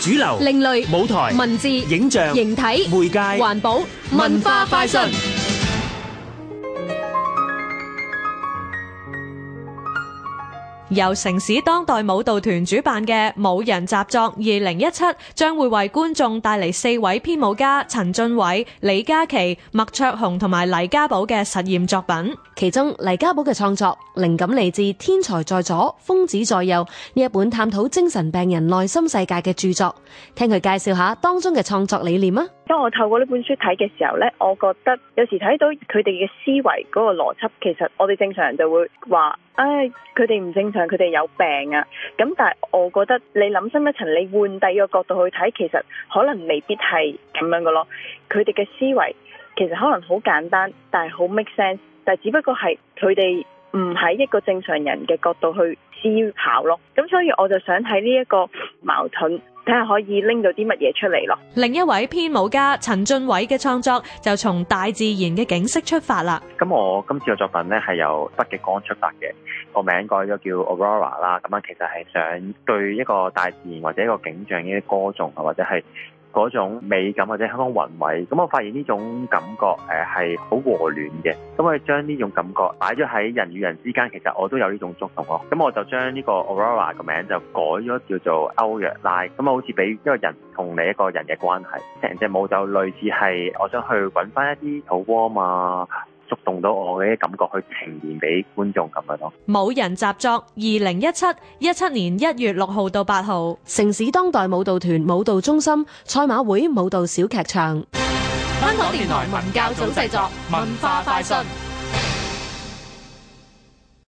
主流、另類、舞台、文字、影像、形體、媒介、環保、文化、快訊。由城市當代舞蹈團主辦嘅舞人習作二零一七，將會為觀眾帶嚟四位編舞家陳俊偉、李嘉琪、麥卓雄同埋黎家寶嘅實驗作品。其中黎家寶嘅創作靈感嚟自《天才在左，瘋子在右》呢一本探討精神病人內心世界嘅著作。聽佢介紹下當中嘅創作理念啊！當我透過呢本書睇嘅時候呢，我覺得有時睇到佢哋嘅思維嗰個邏輯，其實我哋正常人就會話。唉，佢哋唔正常，佢哋有病啊！咁但係我覺得你諗深一層，你換第二個角度去睇，其實可能未必係咁樣噶咯。佢哋嘅思維其實可能好簡單，但係好 make sense，但係只不過係佢哋唔喺一個正常人嘅角度去。思考咯，咁所以我就想睇呢一個矛盾，睇下可以拎到啲乜嘢出嚟咯。另一位編舞家陳俊偉嘅創作就從大自然嘅景色出發啦。咁我今次嘅作品咧係由北極光出發嘅，個名改咗叫 Aurora 啦。咁啊，其實係想對一個大自然或者一個景象嘅歌頌啊，或者係。種美感或者香港韻味，咁我發現呢種感覺誒係好和暖嘅，咁我哋將呢種感覺擺咗喺人與人之間，其實我都有呢種觸動咯，咁我就將呢個 Aurora 個名就改咗叫做歐若拉，咁啊好似俾一個人同你一個人嘅關係，成隻舞就類似係我想去揾翻一啲土窩啊嘛觸動到我。感覺去呈現俾觀眾咁樣咯。冇人習作，二零一七一七年一月六號到八號，城市當代舞蹈團舞蹈中心賽馬會舞蹈小劇場。香港電台文教組製作，文，製作文化快訊。